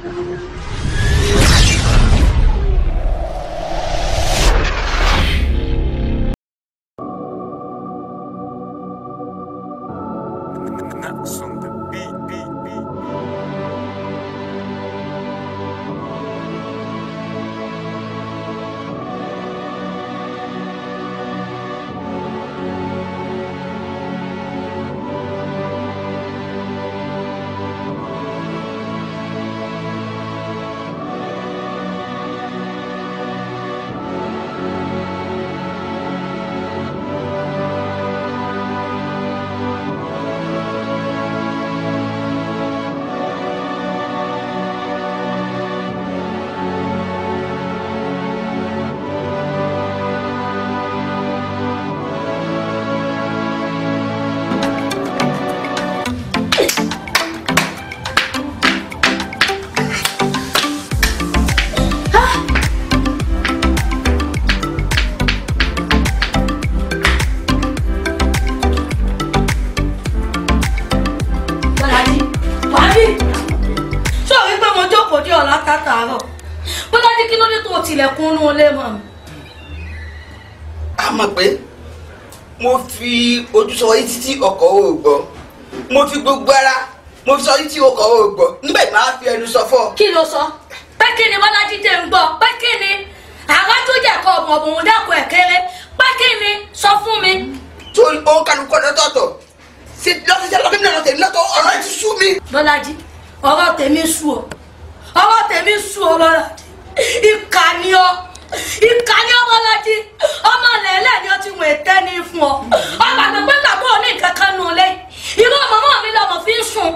Thank you. bọ́lá ní kí ló dé tó tilẹ̀kùn inú ilé mọ́ mi. a mọ̀ pé mo fi ojú sọ yìí títí ọkọ̀ ò gbọ́ mo fi gbogbo ara mo fi sọ yìí tí ọkọ̀ ò gbọ́ níbẹ̀ máa fi ẹnu sọ fọ́. kí ló sọ pé kí ni bọ́lá jíjẹ ń gbọ́ pé kí ni àwọn tó jẹ́ kọ́ ọmọ òun dákun ẹ̀ kéré pé kí ni sọ fún mi. tó o kálukú ọdọ tọ̀tọ̀ lọ́sọ̀ọ́sẹ̀ lọ́kẹ́ mi lọ́tẹ̀ lọ́tọ̀ ọ̀rọ̀ ẹ̀ ti sú mi. bọ́lájí ọ̀rọ̀ tèmi sú ọ ọwọ́ tèmi sùn ọ Bọ́lájí ọ ìkà ni ọmọ lẹ́lẹ́ ni ó ti wọ̀n ètẹ́ ní fún ọ ọmọ àgbẹ̀pẹ́ tàbí òní kankan nù lé irú màmá mi lọ́mọ fi ń sùn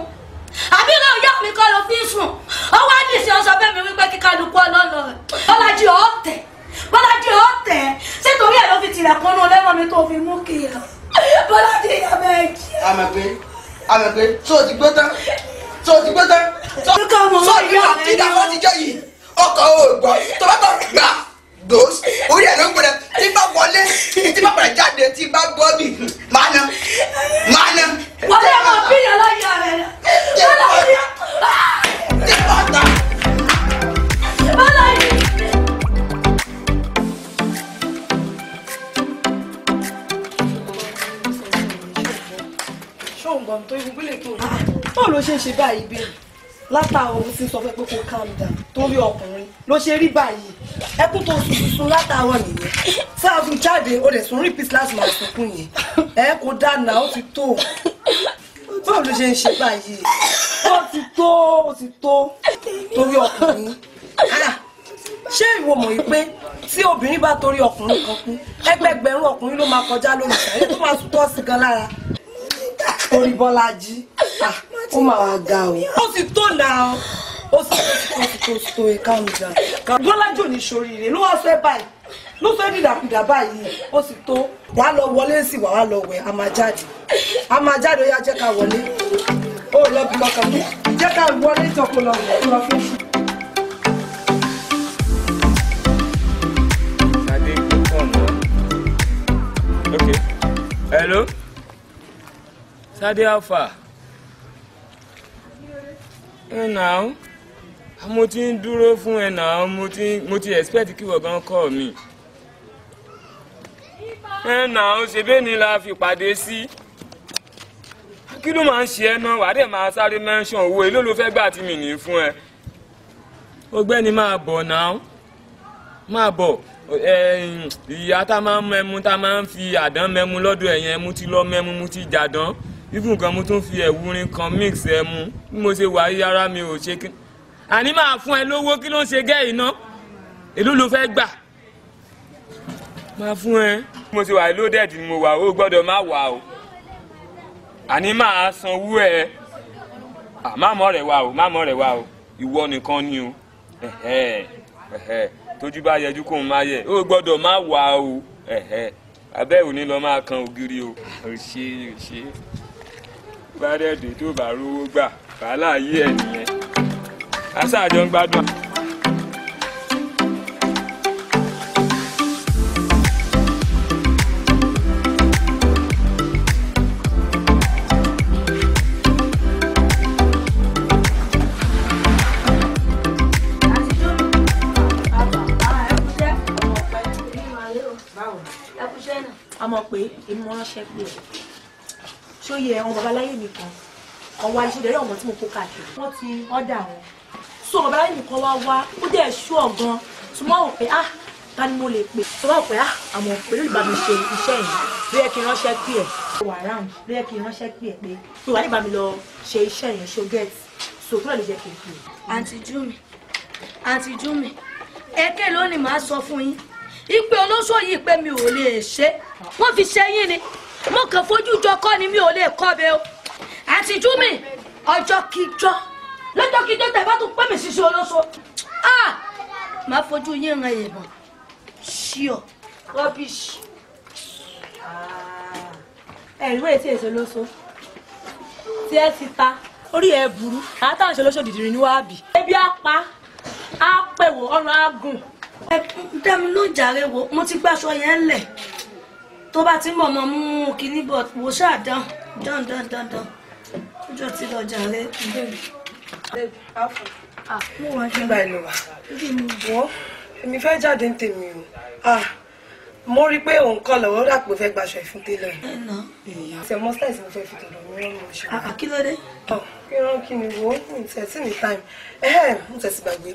àbí náà yá mi kọ́ ló fi ń sùn ọwọ́ àdìsí ọsọ bẹ́ẹ̀ mi wípé kíkà lukú ọlọ́lọ́ rẹ̀ Bọ́lájí ọ̀tẹ̀ Bọ́lájí ọ̀tẹ̀ sítorí ẹ̀ ló fi tìlẹ̀kùn nù lẹ́mọ̀ mi tó fi mú kiri lọ Bọ́lájí tó ti gbé tán tó ní àkídà wọn ti jẹ́ yìí ọkọ̀ òògùn tó bá bọ̀ gbà gbòòs orí ẹ̀ ló ń gbọ́dọ̀ tí bá wọlé tí bá padà jáde tí bá bọ́ bì máa na máa na. wọlé ọmọ bíyàn láyé rẹ wọlé ọmọ bíyàn. gbọ̀n tó ibi gbélé tó rí báwo ló ṣe ń ṣe báyìí bẹ́ẹ̀ látàwọn ohun tí ń sọ fẹ́ pé kó calm down torí ọkùnrin ló ṣe rí báyìí ẹkún tó sun sun látàwọn nìyẹn sáàfù jáde o lè sùn rí peace last man sunkún yẹn ẹ kò dáná ó ti tó báwo ló ṣe ń ṣe báyìí ó ti tó ó ti tó torí ọkùnrin ṣé ìwọ mọ̀ wípé tí obìnrin bá torí ọkùnrin kan kú ẹgbẹgbẹ̀rún ọkùnrin ló máa kọjá lórí ìṣàlẹ̀ máa sùn tọ́sí gan lára torí Bọ́lájí ó mà wá ga o. ó sì tó náà ó sì tó tó tó ẹ calm down. Bọ́lájí ò ní ṣoríire ló wá sọ ẹ báyìí ló sọ ẹ dìdàkudà báyìí ó sì tó wàá lọ wọlé sí wàá lọ wẹ̀ a máa jáde a máa jáde ó yá jẹ́ ká wọlé ó lọ bí lọ́kàn mú jẹ́ ká wọlé jọ kó lọ wẹ̀ lọ fi ṣù. Hello? Sade how far? Ẹ nàá mo ti ń dúró fún ẹ nàá mo ti mo ti expect kí wọ́n gan kọ́ mi. Ẹ nàá ṣèbé ni la fi pàdé sí. Kí ló máa ń ṣe ẹ náà wàá dẹ̀ máa sáré mention owó èló ló fẹ́ gbà tí mi ní fún ẹ. Ọ̀gbẹ́ni máa bọ̀ nàá máa bọ̀ ìyá tá máa ń mẹmu tá máa ń fi àdán mẹmu lọ́dọ̀ ẹ̀yẹn mu ti lọ mẹmu mu ti jàdán even gan mo tún fi ẹ̀wúrin kan mix ẹ mu bí mo ṣe wà yàrá mi ò ṣe kí àní máa fún ẹ lówó kí ló ń ṣe gẹ́ iná èló ló fẹ́ gbà máa fún ẹ. bí mo ṣe wà loaded ni mo wà ó gbọ́dọ̀ má wà o àní máa sanwó ẹ máàmọ́ rẹ̀ wà o máàmọ́ rẹ̀ wà o ìwọ nìkan ni o tójú bá yẹjú kóun máa yẹ ó gbọ́dọ̀ má wà o abẹ́ òní lọ máa kan ògiri o. ò ṣe é ò ṣe é bá dẹ̀dẹ̀ tó bá rówó gbà wàhálà yí ẹ̀ nìyẹn aṣáájọ ń gbádùn. mọ̀ pé ìmọ̀ ránṣẹ́ pé ṣó yẹ àwọn babaláyé mi kan ọwọ́ àìṣedẹ̀rẹ́ ọ̀mọ́ tí mo kó káàkiri wọ́n ti ọ́dà wọn so babaláyé mi kan wá wá ó dẹ̀ ṣú ọ̀gan tí wọ́n wọ̀ pé ah ta ni mo lè pè tó ah, bá pè á àmọ́ pẹ̀lú ìbámu ṣe iṣẹ́ yìí ló yẹ kí n ránṣẹ́ pè ẹ̀ wà ráùn ló yẹ kí n ránṣẹ́ pè ẹ̀ pé mi wà níbàámu lọ ṣe iṣẹ́ yẹn ṣó gẹ́ẹ̀tì so kúrò lè jẹ́ kí n pè. àǹtí júmi àǹtí júmi ẹ̀kẹ́ lónìí màá sọ fún yín ipe olóṣòyí pé mi ò lè ṣe wọ́n fi ṣẹ́yìn ni mo kàn fojú jọ kọ́ ni mi ò lè kọ́ bẹ́ẹ̀ o àti júmi ọjọ́ kíjọ́ lọ́jọ́ kíjọ́ tẹ̀ bá tún pẹ́ mi ṣiṣẹ́ olóṣo ah máa fojú yín ran ìbọn ṣíọ rọ́bìṣì. ẹ̀rú èsì èso lóso tí ẹ ti ta orí ẹ burú àtàwọn ìṣòlóṣò dìdìrì ni wàá bì. ebi á pa á pẹ̀wò ọ̀run á gùn. ẹ dá mi lójàre wo mo ti gbàṣọ yẹn lẹ̀ tó bá ti ń bọ̀ mọ́ mú kinní bọ̀ wò ṣáà dán dán dán dán dán ọjọ́ ti lọ jà rẹ. Ah, nígbà ìlú wa wọ́n èmi fẹ́ jáde ń tèmi o ah, mo rí i pé òun kọ́ lọ́wọ́ rà pé fẹ́ gbaṣọ ìfún télẹ̀. ṣe mọ́ sáìsì mo fẹ́ fi tọ̀dọ̀ mi rán mi ṣe. Ah, kí ló dé. kí rán kí ni wo n tẹ̀ sí ní táìmù n tẹ̀ sí gbàgbé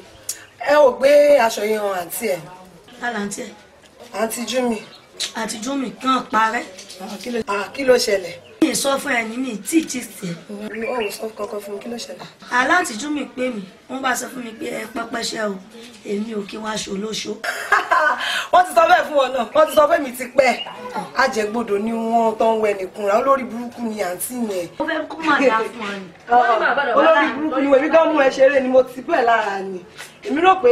ẹ ò gbé aṣọ yẹn hàn àǹtí ẹ̀. àǹtí ẹ̀. àǹtí Júmi àtijọ́ mi kàn parẹ́. Ah, ah, kí ló ṣẹlẹ̀ mi sọ fún ẹ̀yìn mi tí ìjì sí. ọ̀hún sọ kankan fún mi kí ló ṣẹlẹ̀. aláǹtíjú mi pè mí wọ́n bá sọ fún mi pé ẹ pẹ́pẹ́ṣẹ́ o èmi ò kí wọ́n aṣọ olóṣó. wọ́n ti sọ bẹ́ẹ̀ fún wọn náà wọ́n ti sọ pé mi ti pẹ́ àjẹgbodò ah. ni wọ́n tó ń wẹ nìkunra olórí burúkú ni àǹtí yẹn. ó fẹ́ kó máa dá fún ọ ni. olórí burúkú ni èmi gan mú ẹ ṣeré ni mo ti pẹ́ lára ni èmi rò pé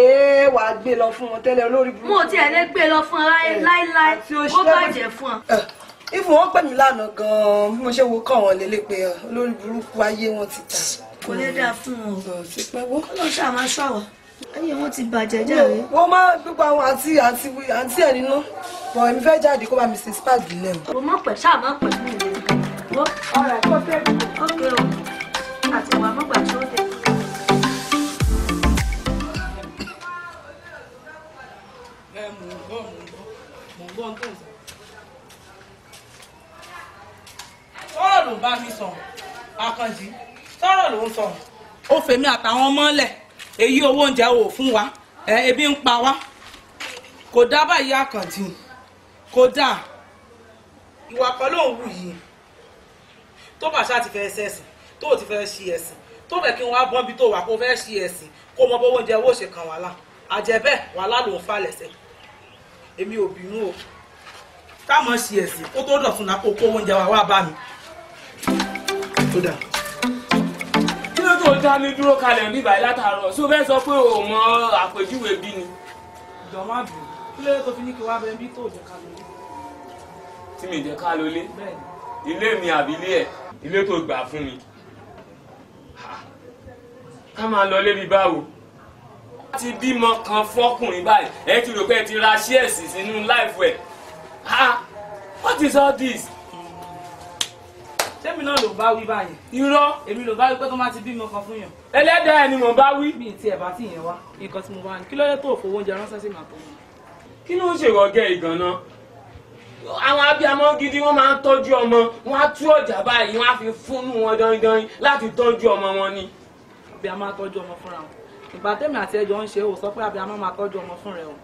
wàá gbé lọ fún wọn tẹ́lẹ̀ olórí burúkú. mo tiẹ̀ lè gbé lọ fún ọ láéláé eh, ó bàjẹ́ fún ọ. Eh ìfún wọn pè mí lánàá gan-an bí mo ṣe wo kàn wọn lélẹ̀ pé olórí burúkú ayé wọn ti ta. kò lè dáa fún wọn o ọlọ́run ṣáà máa ṣọ́ ayé wọn ti bàjẹ́ jáde. wọ́n máa gbogbo àwọn àǹtí àǹtí àǹtí ẹ̀ nínú bọ̀ èmi fẹ́ jáde kó bá mi sin spark gílẹ̀ mo mọ̀ pẹ̀ ṣáà máa pẹ̀ mí lè wo ọ̀rọ̀ fẹ́ mi ọ̀kẹ́ o àti ìwà mọ́gbà tó dé. ẹ mò ń gbọ́ mò ń gbọ́ mò ń gbọ́ ń tẹ̀sán. sọ̀rọ̀ ló bá mi sọ̀rọ̀ àkànjì sọ̀rọ̀ ló ń sọ̀rọ̀. ó fèmí àtàwọn ọmọ lẹ̀ èyí owó oúnjẹ wò fún wa ebi ń pa wá kò dá báyìí àkànjì kò dá ìwà kan ló ń wù yìí tó bá ṣáà ti fẹ́ ṣẹ̀sìn tó ti fẹ́ ṣe ẹ̀sìn tó fẹ́ kí wọ́n á bọ́n bí tó wà kó fẹ́ ṣe ẹ̀sìn kó mọ bọ́wọ́ oúnjẹ owó ṣe kàn wá lá àjẹbẹ́ wàhálà ló ń fà lẹ́sẹ̀ èmi ò bínú o táwọn ṣe ẹ̀sìn kó tó dọ̀tún náà kó kó oúnjẹ wá wá bá mi sódà. kí ló tó ń dá mi dúró kalẹ̀ ní ìbàyí látàárọ̀ sí o fẹ́ sọ pé o mọ àpèjúwe bí ni. ìjọ má bì í kí ló tó fi ní kí wá bẹ bí tó jẹ ká lólé. tí mi jẹ ká lólé ilé mi àbí ilé ẹ ilé tó gbà fún mi ká máa lọ lébi báwo ti bímọ kan fọkùnrin báyìí ẹ ti rò pé ẹ ti ra ṣíẹ̀sì sínú láìfù ẹ̀ ha what is all this sẹ́mi náà ló bá wí báyìí. irọ́ èmi ló bá wí pé kó má ti bímọ kan fún yàn. ẹlẹ́dàá ẹni mò ń bá wí. mi ti ẹ̀ bá ti yẹn wá nǹkan tí mo bá ní kí ló dé tó òfò oúnjẹ ránṣẹ́ sí màá tó mi. kí ló ń ṣèrọ̀gẹ́ ìgànná àwọn abiyamọ gidi wọn máa ń tọ́jú ọmọ wọn á tú ọjà báyìí wọn á fi fúnnú wọn dandan láti tọ́jú ọmọ wọn ni. abiyamọ á tọ́jú ọmọ fúnra wọn ìgbà tẹ́mi àti ẹjọ́ ń ṣe ò sọ pé abiyamọ máa tọ́jú ọmọ fúnra ẹ̀ o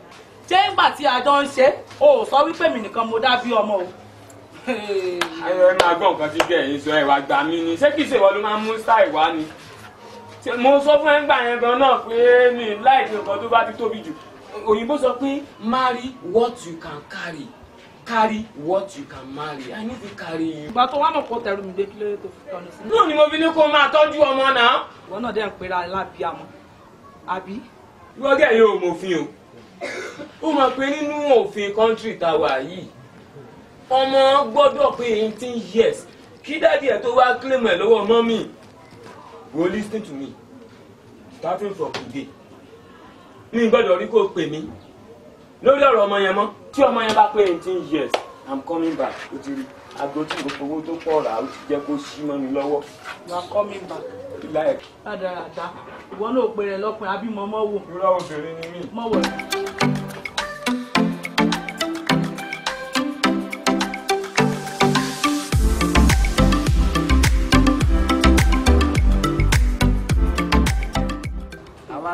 ṣé ńgbà tí a jọ ń ṣe ò sọ wípé mi nìkan mo dá bí ọmọ o ẹ máa gbọ́ nǹkan tí gẹ̀ẹ́yìn sọ ẹ̀wà gbà mí ni ṣé kìí ṣèwọ ló máa ń mú sáì wá ni mo sọ fún ẹgbà yẹn gan náà pé mi láì ní nǹkan tó bá ti tóbi jù òyìnbó sọ pé marry what you can carry carry what you can marry i need to carry you. ìgbà tó wà mọ̀ kó tẹ̀rù mi dé kílé tó fi tọ́ni sí. náà ni mo fi ní kó máa tọ́jú ọmọ náà. ìwọ náà dẹ́n pera lábí àmọ́ àbí. wọ́gẹ̀ yóò mọ̀ òfin o ó mọ̀ pé nínú òfin kọ́ńtírì tá a wà yìí ọmọ gbọ́dọ̀ pé eighteen years kí dáàdi ẹ̀ tó wá claim ẹ̀ lọ́wọ́ mọ́mì wò listen to me starting from today mi gbọ́dọ̀ rí kó pè mí lórí ọ̀rọ̀ ọmọ yẹn mọ́ tí ọmọ yẹn bá pé eighteen years i'm coming back ó ti rí aago tí gbogbo owó tó pọ̀ rà ó ti jẹ́ kó ṣí mọ́ mi lọ́wọ́. you are coming back. láì. rádaràda ìwọ náà ò pèrè lọ́kùnrin àbí mọ́mọ́ wò. irú àwọn obìnrin ni mí. mọ́wọ́ yìí.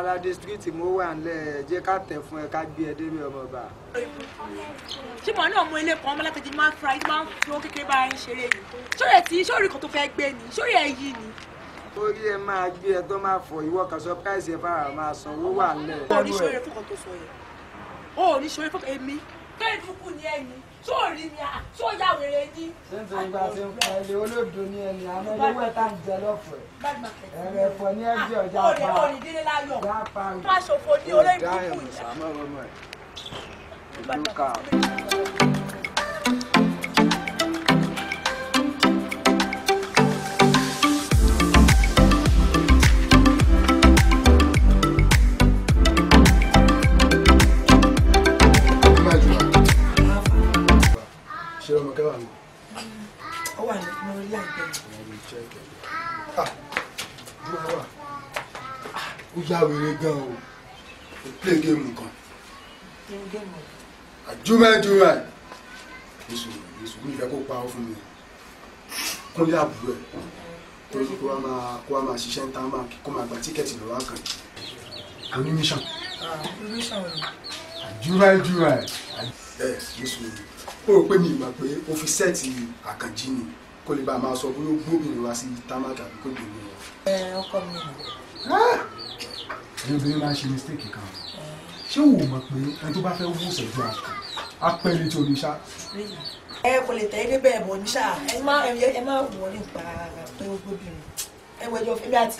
ara district mo wà nílẹ̀ jẹ́ ká tẹ̀ fún ẹ ká gbé ẹ débi ọmọ ọba. ṣé màá náà mú ilé kan ọmọ látẹ̀jẹ̀ máa ń fura ẹ̀ máa ń fi owó kékeré bá ẹ ń ṣeré yìí sórí ẹ̀ tí sórí kan tó fẹ́ gbé ni sórí ẹ̀ yìí ni. orí ẹ máa gbé ẹ tó máa fọ ìwọ kan sọ price ẹ fara máa san wà nílẹ̀. o ò ní ṣòro fún kan tó sọ yẹn o ò ní ṣòro fún èmi kéèdùkù ni ẹni tó rí mi tó yà wèrè ní. ṣé nítorí tí ń pa ilé olóòdò ní ẹni àmọ́ ewé tá ń jẹ lọ́fẹ̀ẹ́ ẹ̀rẹ̀ ẹ̀fọ́ ní ah, ẹ̀jẹ̀ ọjà pa ọ̀rẹ́ ọ̀rìn délé láyọ̀ ká ṣòfò ní olóòdò kù yìí. ya wèrè gan o o play game kan àjùmẹ̀jùmẹ̀ èso èso mi fẹ́ kó pa ọ fún mi kúnlé àbúrò ẹ̀ tó ní kó wá máa kó wá máa ṣiṣẹ́ ń tán máa kó máa gba tíkẹ́ẹ̀tì lọ́wọ́ àkàn animation àjùmẹ̀jùmẹ̀ ẹ̀ èso ó rò pé mi ìgbà pé o fi sẹ́ẹ̀tì àkànjí ni kó lè bá a máa sọ bóyá ó gbóbìnrin wá sí támákà àbí kó gbòmìnira. ẹ ọkọ mi nù ẹ̀yin obìnrin máa ń ṣe mistake kan ṣé o mọ̀ pé ẹni tó bá fẹ́ wú ìṣẹ́jú àṣọ apẹ́ni tí oníṣá. ẹ kò lè tẹ̀lé bẹ́ẹ̀ bọ̀ níṣà ẹ má ẹ má wọ̀ nípa pé ó gbóbìnrin ẹ wẹjọ fún mi àti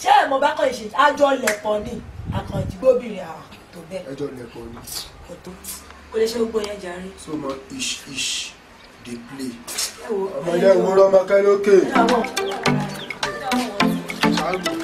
ṣé ẹ mọ bá kàn ṣe àjọ lẹ̀pọ̀ ni àkànjì gbóbìnrin àwọn tó bẹ́ẹ̀. ẹjọ lẹ̀pọ̀ ni. kò tó kò lè ṣe gbogbo yẹn jàre. so mo ish ish dey play. ọmọdé ìwúrọ ọmọ kẹlókè. ṣáàgùn.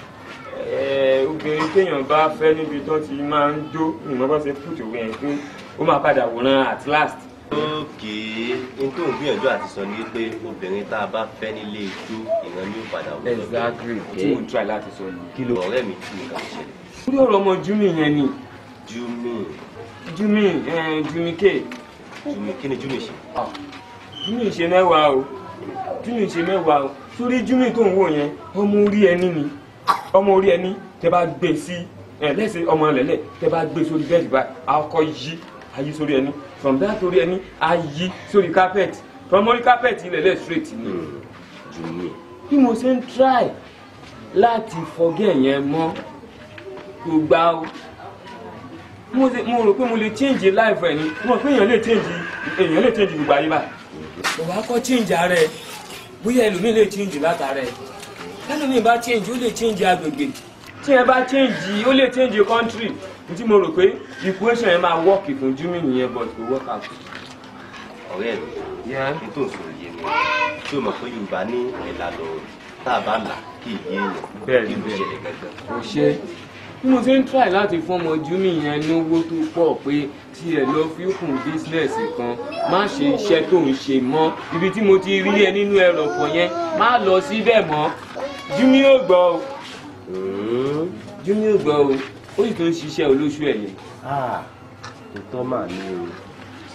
Eh, obìnrin téèyàn bá fẹ́ níbi tó ti máa ń jó ìmọ̀ bá ṣe pùtù wẹ̀ fún ó máa padà wòran at last. ókè n tó ń gbìyànjú àti sọ ni pé obìnrin tá a bá fẹ́ nílé ijó ìran ni padà wò exactly tí mo ń try láti sọ ni. kí ló ọ̀rẹ́ mi ti nǹkan ṣẹlẹ̀. lórí ọ̀rọ̀ ọmọ júmì yẹn ni. júmì. júmì júmì ké. júmì kí ni júmì ṣe. Ah, júmì ṣe mẹ́wàá o júmì ṣe mẹ́wàá o sórí júmì tó ń wò yẹn ọmọ orí ẹni ni ọmọ orí ẹni tẹ bá gbé sí ẹ lẹ́sẹ̀ ọmọ lẹ́lẹ̀ tẹ bá gbé sórí bẹ́ẹ̀dì báyìí akọ yí ayé sórí ẹni from that sórí ẹni ayé sórí carpet from orí carpet ilẹ̀lẹ̀ straight ni. Hmm, bí mo ṣe ń try láti fọgẹ́ yẹn mọ́ kò gbà ó mo rò pé mo lè change life ẹ̀ ni mo rò pé èèyàn lè change èèyàn lè change gbogbo ayé báyìí. bàbá kọ́ change ara ẹ bóyá ẹlòmíì lè change látara ẹ nínú mi bá change ó lè change agbègbè tí ẹ bá change ó lè change country tí mo rò pé equation yẹn máa work fún Jimmy nìyẹn but kò work out. ọ̀rẹ́ mi kí tó sọ yé mi tí o mọ̀ pé Yorùbá ní ẹ̀là lọ́rọ̀ tá a bá là kí ìyé èèyàn kí ló ṣẹlẹ̀ gangan. kò ṣe mo ti ń try láti fún ọmọ Jimmy, yẹn lówó tó pọ̀ pé tí ẹ lọ fi kún business. kan má ṣe iṣẹ́ tó ń ṣe mọ́ ibi tí mo ti rí ẹ nínú ẹrọ̀fọ̀ yẹn má lọ síbẹ̀ mọ́ Júmi ò gbọ́ o. Hmm. Júmi ò gbọ́ o. Ó sì tó ń ṣiṣẹ́ olóṣù ẹ̀ yẹn. Ah, kò tọ́ màá ní o.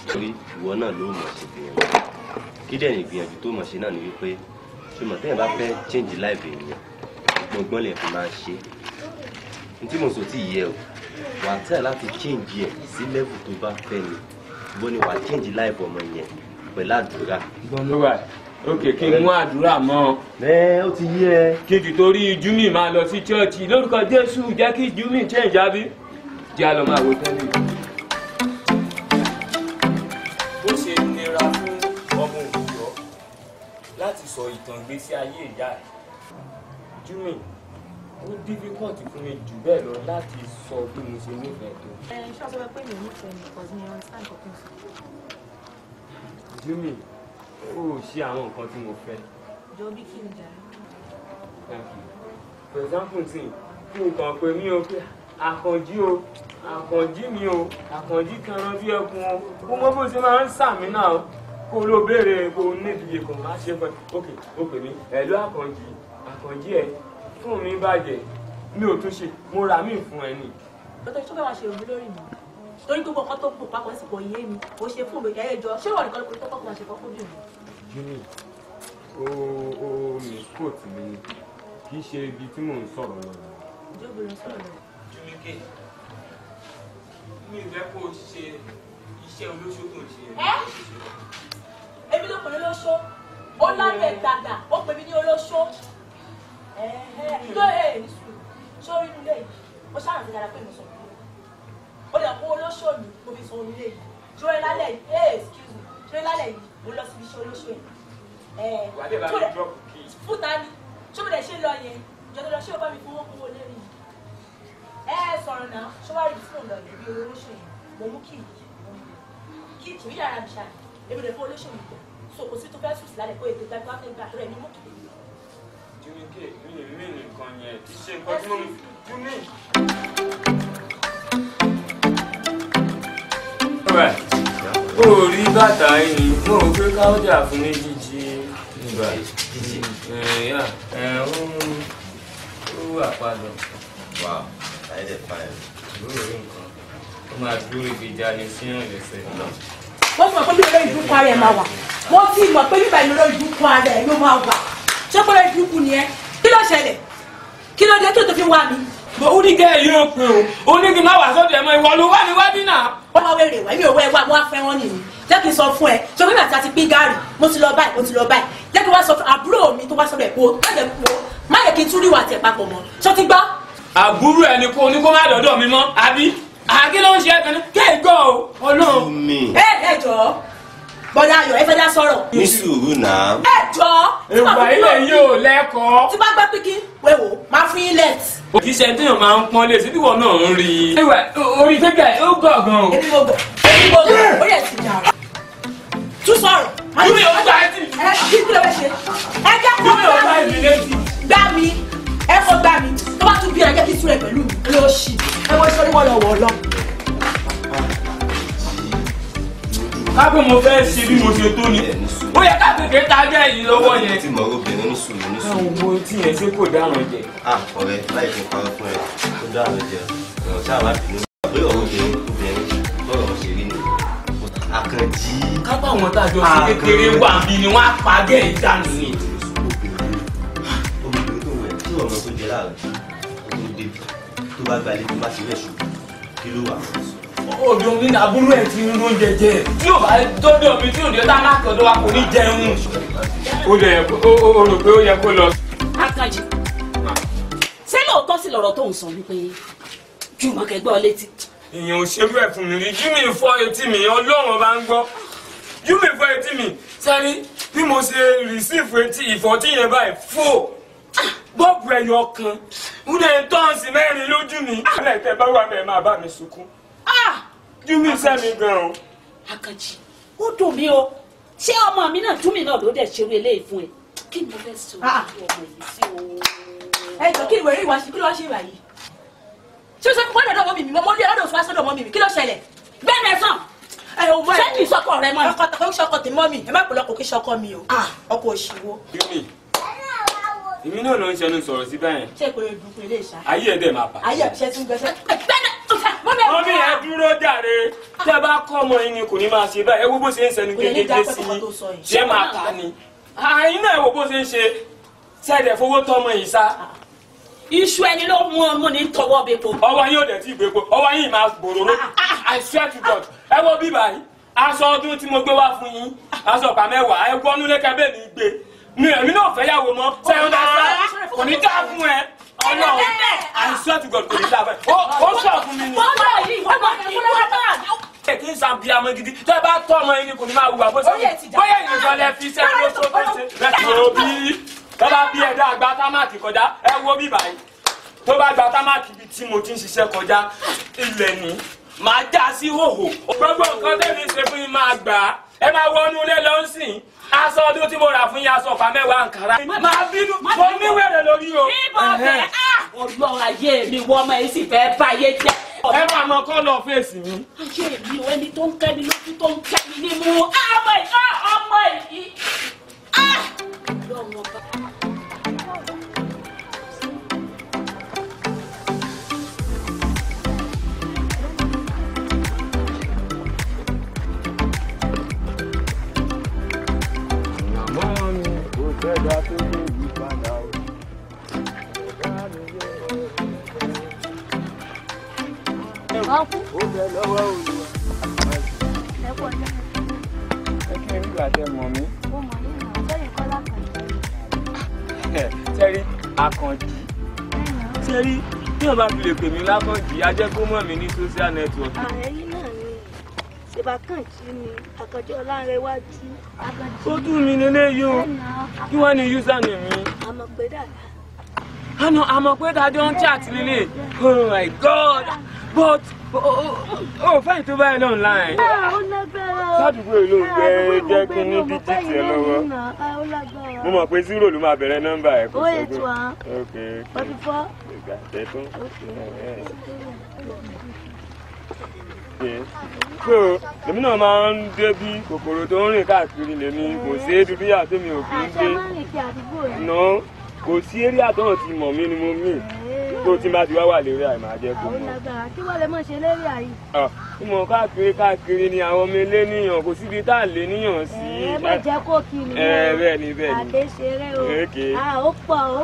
Torí ìwọ náà ló mọ̀ sí ìgbìyànjú. Kí dẹ̀ ní ìgbìyànjú tó mọ̀ ṣe náà ni wípé ṣe mọ̀ tẹ́yìn bá fẹ́ change life èèyàn gbọ̀ngbọ́n lè fi máa ṣe. Ní tí mo sọ tí yẹ o, wà á tẹ̀ láti change ẹ̀ sí level tó bá fẹ́ ni. Bó ni wà á change life ọmọ yẹn pẹ̀lú àdúrà. Gbọ̀n ló wà. Okay, kí n mú àdúrà mọ́. ẹ ó ti yí ẹ. kí n ti torí júmì máa lọ sí chọ́ọ̀chì lórúkọ jésù jẹ́ kí júmì ṣe ìjábí jẹ́ a lọ máa wo tẹ́lẹ̀. ó ṣe nira fún ọmọ òwúrọ̀ láti sọ ìtàn ìgbésí ayé ìyá ẹ̀ júmì ó difficult fún mi jù bẹ́ẹ̀ lọ láti sọ bí mo ṣe nífẹ̀ẹ́ tó. ẹ ṣọ́ọ́ pé mi ò nífẹ̀ẹ́ mi kò ní ọ̀nà sáà ó ṣe àwọn nǹkan tí mo fẹ́. jọ bí kí n jà. for example tí kí n kàn pé mí o pé àkànjí o àkànjí mi o àkànjí kan rán bí ẹkùn o kó mọ bó ṣe máa ń sàmì náà o kó ló béèrè kó nídìí kan bá ṣe fún ẹ ok ó pè mí ẹ̀lú àkànjí àkànjí ẹ fún mi bàjẹ́ mi ò tún ṣe mo ra mí fún ẹ ni. dókítà ìṣọ́fẹ́ wa ṣe òbí lórí mi torí gbogbo ọkọ tó kù papọ̀ sí kò yé mi kò ṣe fún mi ẹ̀yẹ́jọ ṣé ìwọ nìkan ló kọ́ kọ́ máa ṣe fọ́ fún mi gíní ó ó mi kóòt mi ni kì í ṣe ibi tí mò ń sọ̀rọ̀ lọ. ìjọba ló sọ̀rọ̀ lọ. jùmíkè mi ò fẹ́ kó o ṣe iṣẹ́ olóṣó tó ń ṣe ẹ̀ èmi ló pè ní olóṣó ó lábẹ́ gbàgbà ó pè mí ní olóṣó lóye èso sórí nílé yìí ó ṣàrùn sí dára pé mo sọ fún mi ó lè kó olóṣó mi mo fi sọ nílé yìí sórí lálẹ́ yìí excuse me sórí lálẹ́ yìí mo lọ síbi iṣẹ́ olóṣù ẹ̀ fúta ni ṣé mo dẹ̀ ṣe lọ yẹn jọdọ lọ ṣé o bá mi fowó kówó lẹ́rìn ẹ sọ̀rọ̀ náà ṣé wàá rí fóònù lọ níbi olóṣù yẹn mo mú kí kí kì í yàrá mi ṣáà èmi lè fún olóṣù mi so kò sí tó fẹ́ sùn sí lálẹ́ kó ètò ìgbàgbọ́ àfẹ́gbà rẹ̀ ní mú kí Jumike, mi ò kì í right ó rí bàtà yìí mo rò pé káwọ́jà fún ní jíjí nígbà ẹ̀yà ẹ̀ eh, eh, eh, ó wà padà. wà á yẹ dẹ̀ fáyà. lórí nǹkan ó máa dúró ibi ìjà ni sí ọ̀lẹ́sẹ̀ náà wọ́n ti mọ̀ pé mi lórí ìdúkọ ara ẹ̀ máa wà wọ́n ti mọ̀ pé nígbà mi lórí ìdúkọ ara ẹ̀ ló máa wà ṣé pé lórí ìdúkọ ni ẹ kí ló ṣẹlẹ̀ kí ló dé tó tó fi wá mi bó ó ní kẹ́ yóò pé o ó ní kí n má wà sọ́dọ̀ ẹ̀ mọ́ ìwọ ló wà níwájú náà. wọ́n wá wẹ̀rẹ̀ wá èmi ò wẹ́ wá mo wá fẹ́ wọn nìyí jẹ́ kí n sọ fún ẹ sọ pé màtí a ti pín gààrí mo ti lọ báyìí mo ti lọ báyìí jẹ́ kí n wá sọ fún àbúrò mi tó wá sọ́dọ̀ ẹ̀ wo má yẹ kí n tún rí ìwà tẹ̀ papọ̀ mọ́ sọ ti gbọ́. àbúrò ẹ ni kò ní kó má dọ̀dọ̀ mi mọ́ àbí àkí ló ń ṣe ẹ̀kan kẹ́ ẹ̀ gbọ́ o ẹ ẹ jọ̀ọ́ bọ́dà ayọ̀ ẹ fẹ́ dá sọ̀rọ̀. ní sùúrù náà. ẹ jọ tí màá fi lọ yìí ò lẹ́kọ̀ọ́. tí bá gbá pínkì pé wò máa fún yín lẹ́t. òkì iṣẹ́ tí yóò máa ń pọ́n lé síbí wọn náà ń rí i. ẹwà orí tẹ́gà ó gbọ̀ gan o. èmi mo gbọ̀ èmi mo gbọ̀ orí ẹ̀ ti yàrá. tún sọ̀rọ̀. kúmi ò gbà ẹ́ tì. ẹ kí ló fẹ́ ṣe. ẹ jẹ́ kó gbà ẹ kó gbà mí tó bá tún bí ẹ jẹ́ kí sùn ẹ pẹ̀lú mi lóṣì ẹ wọ́n ṣe oníwọ̀lọ̀wọ̀ lọ. kápẹ́ mo fẹ́ ṣe bí mo ṣe tó ni ó yẹ ká kékeré ta jẹ́ èyí lọ́wọ́ yẹn. tí mo rò bẹ̀rẹ̀ ní sùúrù ní sùúrù. àwọn tí yẹn ṣe kò dáhùn jẹ. ọ̀rẹ́ láì fi parọ́ fún ẹ kó dáhùn jẹ ọ̀rọ̀ tí àwa bìnú pé ọ̀rọ̀ bẹ̀rẹ̀ bẹ̀rẹ̀ lọ́rọ̀ ṣe rí ni. àkànjì. kápẹ́ àwọn tájọ sí kékeré wà bí ni wọ́n á pa gẹ́ ìdánù ni. obìnrin tó wẹ̀ tí ọ̀nà tó jẹ láàrín tó bá gbalẹ̀ tó bá ti rẹ̀ ṣùgbọ́n ọ̀dọ̀ mi ní àbúrò ẹ̀ ti ń lóúnjẹ jẹ tí ò bá dọ́dọ̀ mi tí òde tá láti ọ̀dọ̀ wa kò ní jẹun. ó lè ó rò pé ó yẹ kó lọ. akanji ṣé lóòótọ́ sí lọ́rọ̀ tó ń sọ wípé jùmọ̀kẹ́ gbọ́ létí. èèyàn ò ṣe bẹ́ẹ̀ fún mi rí júmi fọ etí mi ọlọ́run bá ń gbọ́ júmi fọ etí mi sẹ́ni bí mo ṣe rìsíìfù etí ìfọ̀tí yẹn báyìí fò ah, bọ́ọ̀bù ẹ̀yọ̀ kan ń dẹ̀ tọ́ọ̀sì mẹ́rin lójú mi. ọ̀lẹ́tẹ̀ bá wà bẹ́ẹ̀ máa bá mi sunkún jú mi sẹ́mi gan o. Àkànjì ó dùn mí o ṣé ọmọ mi náà túmí náà ló dẹ̀ ṣerú eléyìí fún ẹ kí ni mo fẹ́ sọ ah. ọmọ yìí sí o. ẹ jọ kí ìwé rí ìwà ṣe kí ló wá ṣe ìwà yìí ṣé o ṣe wọ́n dọ̀dọ̀ ọmọ mi mi mo lé ọlọ́dọ̀ òṣùwà sọ́dọ̀ ọmọ mi mi kí ló ṣẹlẹ̀ bẹ́ẹ̀ ni ẹ sàn ṣé kì í sọkọ rẹ mọ́ ni. ọkọ tàkó ṣọkọ tèmi mi ẹ má pè lọkọ kí ṣọkọ mi o ah. ọkọ òṣìwò. kí ni èmi náà ló ń ṣẹnu sọ̀rọ̀ sí báyẹn. ṣé kò lè dùnkù ilé ìṣá. ayé ẹ̀ dẹ̀ máa bà. ayé ẹ̀ ṣe tún gbẹ́sẹ̀. wọ́n mi ẹ dúró jàre tẹ́ ẹ bá kọ́ ọmọ yín ni kò ní máa ṣe báyìí ẹ wo bó ṣe ń ṣẹnu gégége sí i ṣé máa ta ni. àyín náà ẹ wo bó ṣe ń ṣe ṣẹ̀dẹ̀ fowó tọmọ yìí sá. Ah. iṣu ẹni ló mú ọmọ ní tọwọ́ bepo. ọwọ́ yín ò dẹ̀ tí ì gbépo ọwọ́ yín máa gbòòrò ah, ah, I swear to God ẹ wo bíbá yìí aṣọ ọdún tí mo gbé wá fún yín aṣọ pàmẹ́wàá ẹ gbọ́nú lẹ́kẹ́ bẹ́ẹ̀ mi gbé mi èmi náà fẹ́ yàwó mọ́ sẹ́yìn náà kò ní dáa fún ẹ ọlọ́run àìsàn àti gọ̀dọ̀ kò ní dáa fún ẹ ó sọ fún mi ni. bọ́lá yìí wọ́n máa fi wọ́n bá a. kèké ń san bí amọ gidi tẹ bá tọ́ ọmọ yín ni kò ní máa wùwà bó ṣe bóyá ìrìnàjò lẹ fi sẹ́yìn ló sọ fẹ́ ṣe lọ bí bàbá bí ẹ̀dá àgbà támáàkì kọjá ẹ wo bí báyìí tó bá gba támáàkì bíi tí mo ti ń ṣiṣẹ́ kọjá ilẹ̀ ni màá já sí hòhò gbogbo nǹkan tẹ́lẹ̀ ṣe fún mi máa gbà á ẹ máa wọnú ilé lọ sí aṣọ ọdún tí mo rà fún yín aṣọ ọ̀pá mẹ́wàá Ankara. máa bínú mo ní wèrè lórí o. ibò bẹ ah! ọlọ́run ayé mi wọ́n ọmọ yìí sì fẹ́ báyé jẹ́. ẹ máa mọ kọ́lọ̀ fèsì mi. ayé mi ò ẹni tó ń kẹ́ mi lójú tó ń kẹ́ mi nímú. ọmọ ìyá ọmọ yìí. Ah! ṣẹ̀dá tó lè yí padà o. ó bẹ lọ́wọ́ olùwà. ẹ kú ọjọ́ ẹ kí n gbà tẹ mọ̀ mí. mo mọ̀ yín náà sẹ́yìn kọ́lá kan. sẹ́rí akànjì sẹ́rí bí wọ́n social network ìbákànjì ni àkànjọ ọlárẹwájú àkànjì. ó dùn mí nílé yìí o kí wọ́n ní user name mi. àmọ̀ pé dàda. ń chat lílé oh my god but ó fẹ́yìn tó báyìí náà online. Ah, ó lágbára o sádùúgbò ìlú ìgbẹ́ ah, jẹ́ kí n ní díjìtì ẹ lọ́wọ́ ah, mo mọ̀ pé zero ló máa bẹ̀rẹ̀ nọ́mbà ẹ̀ kó sọ́gbọ́n. ó ètò so èmi náà máa ń dé bí kòkòrò tó ń rìn káàkiri lèmi kò sí dúdú yà tó mi ò fi no kò sí eré àtọ̀hún ti mọ̀ mí ni mo mì tó tí bá ti wá wà lérí àìmọ̀ àjẹ́ kò mọ̀. kí wọ́n lè mọ̀ ṣe lérí àyè. ìmọ̀ káàkiri káàkiri ni àwọn ọmọ ilé kò síbi tá à lè sí. ẹ má jẹ́ kó kí ni. bẹ́ẹ̀ ni bẹ́ẹ̀ ni. àbẹ́sẹ̀rẹ́ o ó mi ọ̀gá mi.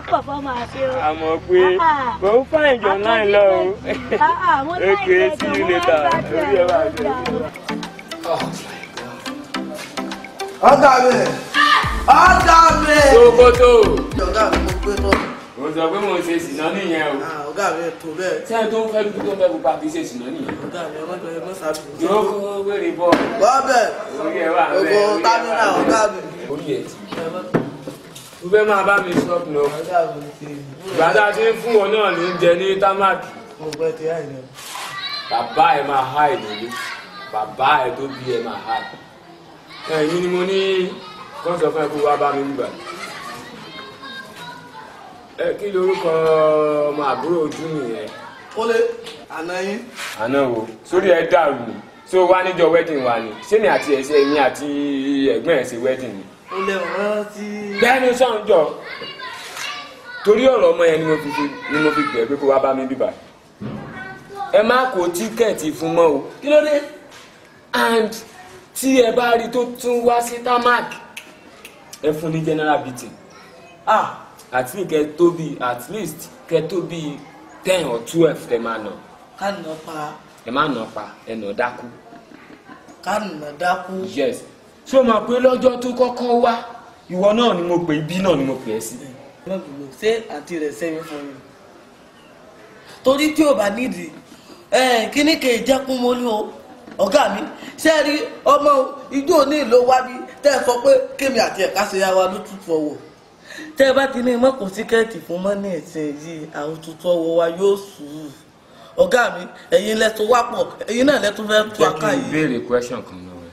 ṣòkòtò. mi mo gbé náà mo sọ pé mo ṣe sìnà nìyẹn o. Ah, ọ̀gá mi tó bẹ́ẹ̀. tí a tó ń fẹ́ dúdú tó ń fẹ́ pupa kì í ṣe sìnà nìyẹn. ọ̀gá mi ọmọdé ọmọ sábì. yóò kó wèrè bọ̀. bọ́ọ̀bẹ̀ ògbó támínà ọ̀gá mi. orí ẹ̀ ti. o fẹ́ máa bá mi sọ́ọ̀bù lọ. gbàdá tí ń fún wọn náà ló ń jẹ ní támákì. bàbá ẹ máa há ẹ lórí bàbá ẹ tó bí ẹ máa há ẹ. ẹ̀yin ni mo ní kọ́ńtà fún ẹ kó wá bá mi nígbà yìí ẹ kí lorúkọ ọmọ àbúrò ojú nìyẹn. kólé àná yín. àná wo sórí ẹ dàrú tí ó wá níjọ wedding wa ni ṣé ni àti ẹsẹ ẹyin àti ẹ̀gbọ́n ẹ wedding ni. ó lè rán sí. bẹ́ẹ̀ni sọǹjọ torí ọ̀rọ̀ ọmọ yẹn ni mo fi gbẹ pé kó wá bá mi bíbà ẹ má kó tíkẹ́ẹ̀tì fún mọ́ o kí ló dé and tí ẹ bá rí tó tún wá sí tamak ẹ fún ní general beating ah At least kẹ́ tó at least kẹ́ tó ten or twelve tẹ́ máa nà. ká nà pa. ẹ má nà pa ẹ nà dákú. ká nà dákú. yes So o máa pé lọ́jọ́ tó kọ́kọ́ wá ìwọ náà ni mo pè ibi náà ni mo pè ẹ́ sí. ṣé àti rẹ̀ sẹ́yìn fún mi torí tí o bá nídìí kíní kè jẹ́kún mo ní o ọ̀gá mi ṣe rí ọmọ ijó ní ìlú wa bí tẹ́ ẹ sọ pé kémi àti ẹ̀ka ṣe ya wa ló tutù ọwọ́ tẹ́ ẹ bá ti ní mọ́kò tíkẹ́ẹ̀tì fún mọ́nì ẹ̀sìn yìí àwọn tuntun ọwọ́ wa yóò sùúrù ọ̀gá mi ẹ̀yin lẹ́tọ̀ wá pọ̀ ẹ̀yin náà lẹ́tọ̀ fẹ́ tu aká yìí. jẹ́ kí n béèrè question kan náà rẹ̀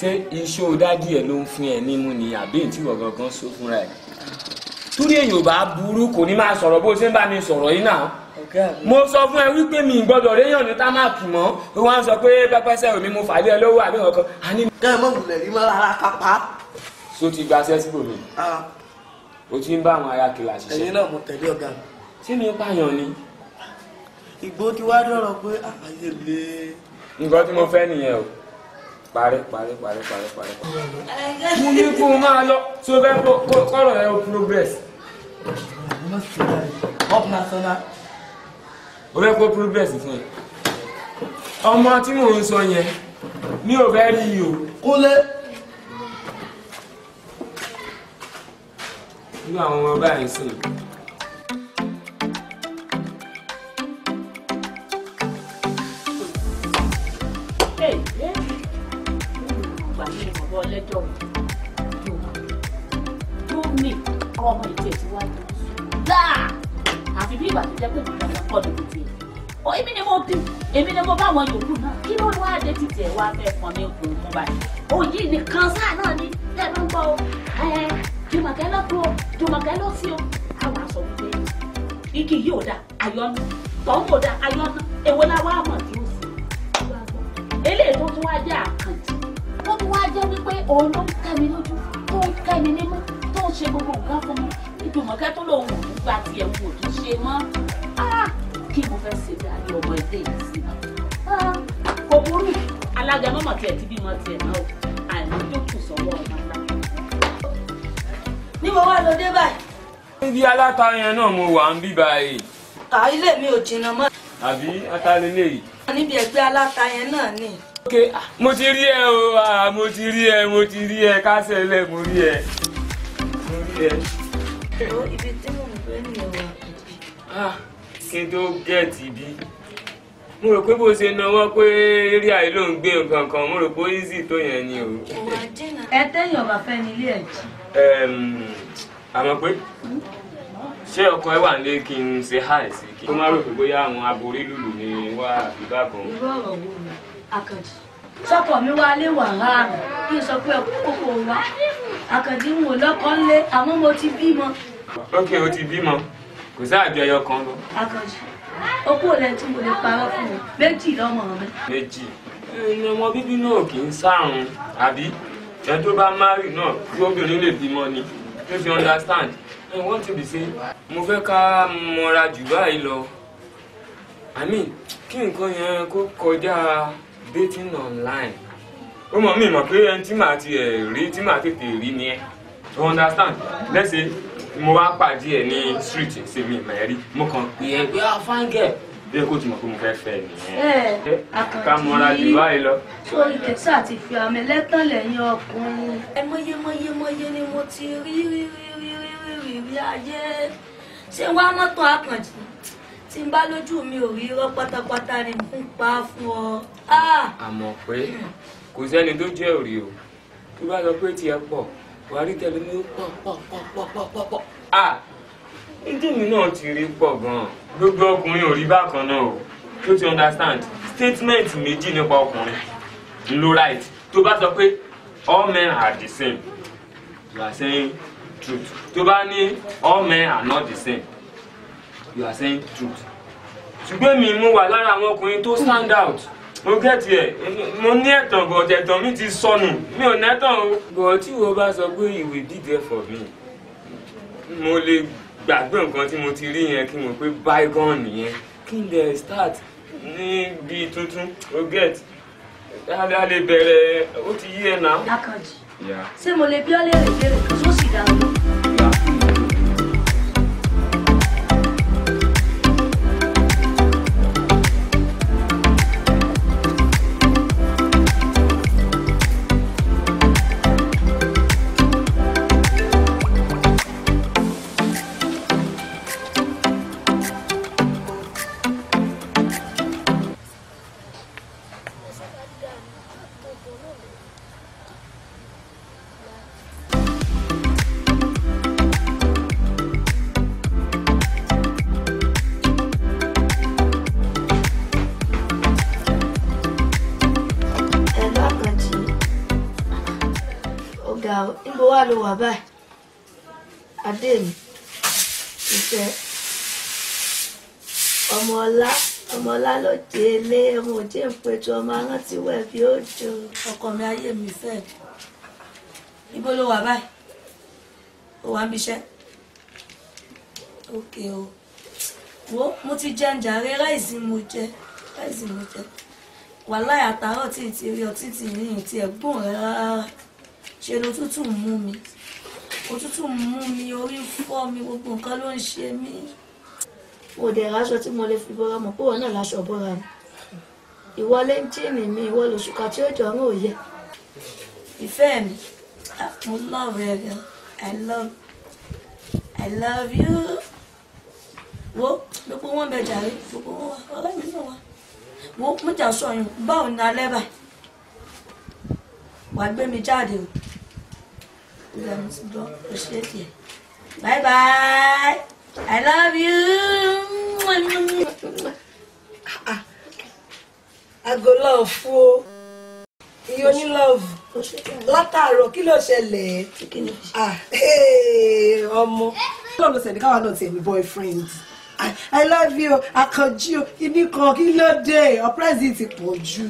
ṣé iṣẹ́ òdádì ẹ̀ ló ń fún ẹ nímú ni àbí èyí tí wọ́n gangan sọ fúnra ẹ̀ torí èyàn bá burú kò ní máa sọ̀rọ̀ bó ṣe ń bá mi sọ̀rọ̀ yìí náà mo sọ fún ẹ wípé mi gbọ́dọ̀ réyàn ní támákì mọ́ ló wá sọ pé pẹ́pẹ́sẹ́ omi mo fà lé ẹ àbí nǹkan kan. mọ̀ wùlẹ̀ yìí mọ́ rárá kápá. so ti gbaṣẹ́ síbò mi. o ti ń bá àwọn ará kìlà ṣiṣẹ́. ẹ̀yin náà mo tẹ̀lé ọ̀gá mi. ṣé mi pààyàn ni. ìgbó ti wá dọ̀rọ̀ pé àbáyé ah, tí mo fẹ́ o parí parí parí parí parí. mo ní kó o máa lọ tí o fẹ́ kọ́rọ̀ ẹ o progress. o fẹ́ kó progress fún ẹ. ọmọ tí mò ń sọ yẹn o. irú àwọn ọmọ báyìí sìn. èmi ni mo bí èmi ni mo bá wọn yòókù náà kí ló wá dé ti tiẹ̀ wá fẹ́ fọn ní okùn báyìí òyì nìkan sáà náà ni lẹ́nu ń bọ̀ ẹ́ jùmọ̀kẹ́ lọ kúrò jùmọ̀kẹ́ lọ sí o àwọn aṣọ wípé igi yìí ò da àyọnu tọ́hún ò da àyọnu èwo la wá mọ̀ tí ó sì eléyìí tó tún wá jẹ́ àkàntì tó tún wá jẹ́ wípé òun ló ń tẹ́ mi lójú tó ń tẹ́ mi nímú tó ń ṣe gbogbo nǹkan fún mi jùmọ̀kẹ́ tó lòun ò gba tiẹ̀ wò tó ṣe mọ́ ah! kí mo fẹ́ ṣe bí ayé ọmọ ilé yìí sí ah! kò burú alága mọ́mọ́ tiẹ̀ ti bímọ tiẹ̀ náà àìmọ́ yóò kù sọ́wọ́ ọmọ níbo wà ló dé báyìí. níbi aláta yẹn náà mo wà ń bí báyìí. à ilé mi ò jìnnà mọ́. àbí atalélé yìí. níbi ẹgbẹ́ aláta yẹn náà ni. ok mo ti rí ẹ o mo ti rí ẹ mo ti rí ẹ kásẹ̀ lẹ̀ mo rí ẹ mo rí ẹ. ó ibi tí mò ń gbé nìyẹn wà. kí n tó gẹ̀ẹ́tì bí mo rò pé bó ṣe náwó pé eré àì ló ń gbé nǹkan kan mo rò pé ó yí sí tó yẹn ni o. ẹ tẹ́yìn ọ̀bà fẹ́ ni ilé ẹ̀ jì. àmọ́ pé ṣé ọkọ ẹ wà nílé kí n ṣe háì sí kí n má rò pé bóyá àwọn aborí lùlù ni wà àbíbá kan. irú wo sọ́kọ mi wá lé rẹ̀ kí n sọ pé ẹkú kòkò wá ń wò lọ́kọ́ ńlé àmọ́ mo ti bímọ. ok o ti bímọ kò ẹyọ kan lọ. okú tí mo lè fún mi méjì méjì bíbí náà kì í sáàrùn àbí. ẹ tó bá márì náà tí obìnrin lè bímọ ni tó fi understand ẹ wọ́n ti bì sí. mo fẹ́ ká mọra jù báyìí lọ i mean kí nǹkan yẹn kó kọjá dating online ó mọ̀ mí mọ̀ pé ẹni tí màá ti eh, rí tí màá tètè rí ni ẹ you understand lẹ́sẹ̀ mo wá pàdé ẹ̀ ní street ṣèmi ìmọ̀ ẹ̀rí mo kàn pé ẹ pé afáńgẹ̀ bí ẹ kò tí mo fún mo fẹ́ fẹ́ nìyẹn. ká mọra jù báyìí lọ. sórí kẹsí àti fi àmì lẹ́tàn lẹ́yìn ọkùnrin. ẹ mọyé mọyé mọyé ni mo ti rí rí rí rí rí rí rí rí ayé ṣé wàá mọ́tò àkànjì tí n bá lójú mi ò rí irọ́ pátápátá ni mò ń pa fún ọ. àmọ́ pé kò sẹ́ni tó jẹ́ òrì o tó bá sọ pé tiẹ̀ pọ̀ wàá rí tẹ̀lé mi pọ̀ pọ̀ pọ̀ pọ̀ pọ̀ pọ̀. ǹjẹ́ mi náà ti rí pọ̀ gan-an gbogbo ọkùnrin ò rí bákan náà o tó ti understand statement méjì nípa ọkùnrin ló right tó bá sọ pé all men are the same you are saying truth tó bá ní all men are not the same you are saying truth ṣùgbọ́n mi mú wà lára àwọn ọkùnrin tó stand out mo gẹ́tì ẹ̀ mo ní ẹ̀tàn but ẹ̀tàn mi ti sọnù mi ò nẹ́tàn o. but tí wo bá sọ pé you will be there for me mo lè gbàgbé nǹkan tí mo ti rí yẹn kí mo pé bygone yẹn kí n lè start níbi tuntun o get a lè bẹ̀rẹ̀ ó ti yí ẹ̀ náà. ṣé mo lè bí ọ́ lè rè lérè tó sì dàrú. bàbá ẹ̀ adé mi ìfẹ́ ọmọ ọlá ọmọ ọlá ló dé ilé ọmọ òjé ń pẹ̀tù ọmọ arántí wẹ̀ bí ó dùn. ọkọ mi ayé mi fẹ́ ibo ló wà báyìí ó wà ń bíṣẹ́ ókè o wo mo ti jẹ njàre láìsí mo jẹ láìsí mo jẹ wàláì àtàárọ̀ tí ì ti rí ọtí ti rí ìtì ẹ̀gbọ́n rẹ̀ rárá ṣe ló tútù mú mi òtútù mú mi orí fọ́ mi gbogbo nǹkan ló ń ṣe mí. mo dẹ̀ ráṣọ tí mo lè fi bọ́ra mọ̀ pé wọn náà láṣọ bọ́ra mi ìwọ lẹ́ńjìnì mi ìwọ lòṣùkà tí ó jọrún òye. ìfẹ́ mi ah, mo love you. i love i love you wo gbogbo wọn bẹ jàre gbogbo wọn wá ọ̀rẹ́ mi náà wá wo mo jà sọyún báwo ni alẹ́ báyìí wàá gbé mi jáde o. Love Miss Bro. Appreciate Bye bye. I love you. Ah, ah. I go love you. You oní love. Látàárọ̀ kí ló ṣẹlẹ̀? Ah, ọmọ. Lọ́ọ̀ lọ sẹ̀dí káwa náà ti ẹ̀mí boyfriend. Ah, I love you, akànjí o, ibi kan kí ló dé? Ọ̀pẹ́rẹ́sì ti pọ̀ jù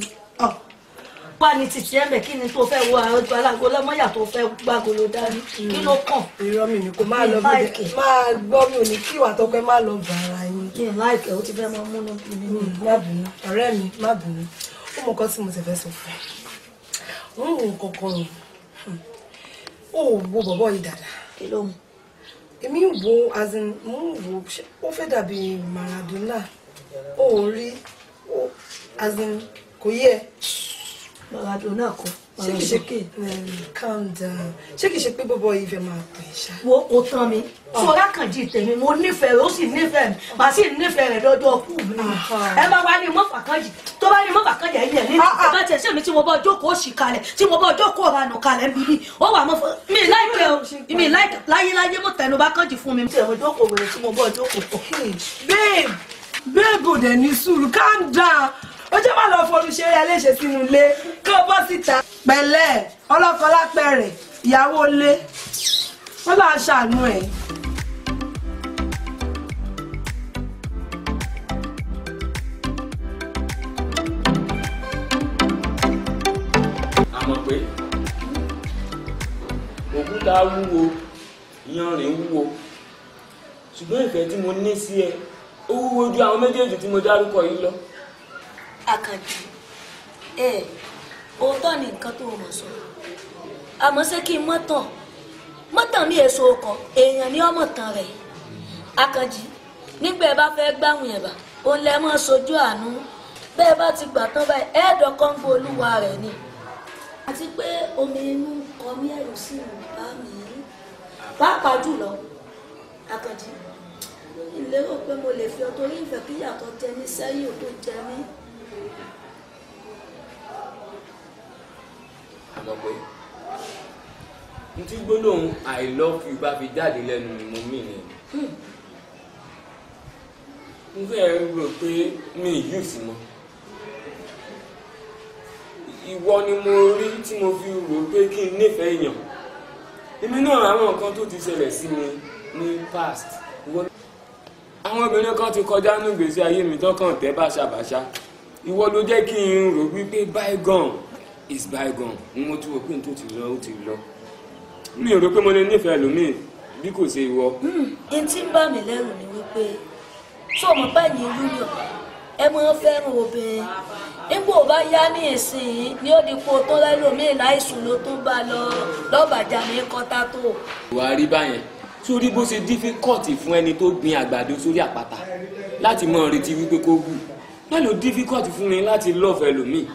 wá ní títí ẹ̀mẹ̀ kí ni tó fẹ́ wo àwọn ojú alágbó lọ́mọ́yà tó fẹ́ gbàgolo dání kí ló kàn. irọ́ mi ni kò máa lọ bí máa gbọ́ mi ò ní kí ìwà tọpẹ́ máa lọ bàrà yín. kí n láìpẹ́ ó ti fẹ́ máa múnú bí mi. Hmm, má bínú ọ̀rẹ́ mi má bínú ó mọ nǹkan tí mo ti fẹ́ sọ fún ẹ ń wo kọ̀ọ̀kan rò ó wo bọ̀bọ̀ yìí dáadáa. kí ló mu. èmi ń wo as in wo ó fẹ́ dàbí Maradona ó rí as in kò yẹ. Maradona um, kọ ṣé kìí ṣe pé ṣe pé bọ́bọ́ yìí máa pè ṣá. wo o tán mi sọlá ah. kan jí tèmi mo nífẹ̀ẹ́ rẹ̀ ó sì nífẹ̀ẹ́ mi màá sì nífẹ̀ẹ́ rẹ̀ lọ́jọ́ kú mi ẹ bá wá ní mọ́fà kan jì tó bá ní mọ́fà kan jì ẹ̀yìn ẹ̀mí ah, ah. ẹ bá tẹ̀ sí tí mo bọ́ jókòó sì kalẹ̀ tí mo bọ́ jókòó ọ̀rọ̀ àná kalẹ̀ bí mi ó wà mọ́ mi láìpẹ́ o mi láìpẹ́ láyéláyé mo tẹnubá kan jì fún mi. tí mo jókòó rẹ̀ tí mo bọ́ jókòó. babe babe ò dẹ̀ ní sùúrù calm down ó jẹ́ má lọ fojú ṣeré aléṣe sínú ilé kí o bọ́ síta. pẹ̀lẹ́ ọlọ́kọ lápẹ̀rẹ̀ ìyàwó ilé wọ́n là ṣàánú ẹ̀. àmọ́ pé òkúta wúwo iyanrìn wúwo ṣùgbọ́n ìfẹ́ tí mo ní sí ẹ ó wúwo ju àwọn méjèèjì tí mo dárúkọ yìí lọ àkànjì ẹ òótọ́ ni nǹkan tó mọ̀ sọ àmọ́ ṣé kí n mọ́ tàn mọ́ tàn mí èso ọkàn èèyàn ní ọmọ tàn rẹ̀ àkànjì nígbà ẹ bá fẹ́ gbáhùn yẹn bá òun lẹ mọ́ sojú àánú bẹ́ẹ̀ bá ti gbà tán báyìí ẹ̀ẹ́dọ̀ kọ́ńgó olúwa rẹ̀ ni àti pé omi inú kọ mí ẹ̀rù sí ìrùbá mi pàápàá jùlọ àkànjì ìlérò pé mo lè fi ọtọ orí ìfẹ́ kíyàtọ̀ tẹ mí sẹ́yìn ò tó jẹ mí àmọ́ pé ntí gbólóhùn i love you bá fi jáde lẹ́nu ni mo mì ni n fẹ́ rò pé mi yù sí mọ́ ìwọ ni mo rí tí mo fi rò pé kí n nífẹ̀ẹ́ èèyàn èmi náà àwọn nǹkan tó ti ṣẹlẹ̀ sí mi ní past àwọn obìnrin kan ti kọjá ní ìgbésí ayé mi tó kàn báṣabàṣá ìwọ ló jẹ́ kí n rò wípé bygone is bygone ni mo ti wò pé n tó ti lọ ó ti lọ mi ò rò pé mo lè nífẹ̀ẹ́ lómi bí kò ṣe ìwọ. Hmm, n tí ń bà mí lẹ́rù ni wípé tó o mọ̀ báyìí union ẹ mọ̀ fẹ́ràn obìnrin nígbò bá yá ní ìsìn ní ó di kó tó lẹ́lòmíì láìsùn ló tó bá lọ lọ́bàjá ní kọ́tà tó. ìwà rí báyẹn sórí bó ṣe dífíkọ́ọ̀tì fún ẹni tó gbin àgbàdo sórí àpáta láti mọ retí wípé kó wù náà ló difficult fún mi láti love ẹlòmíì.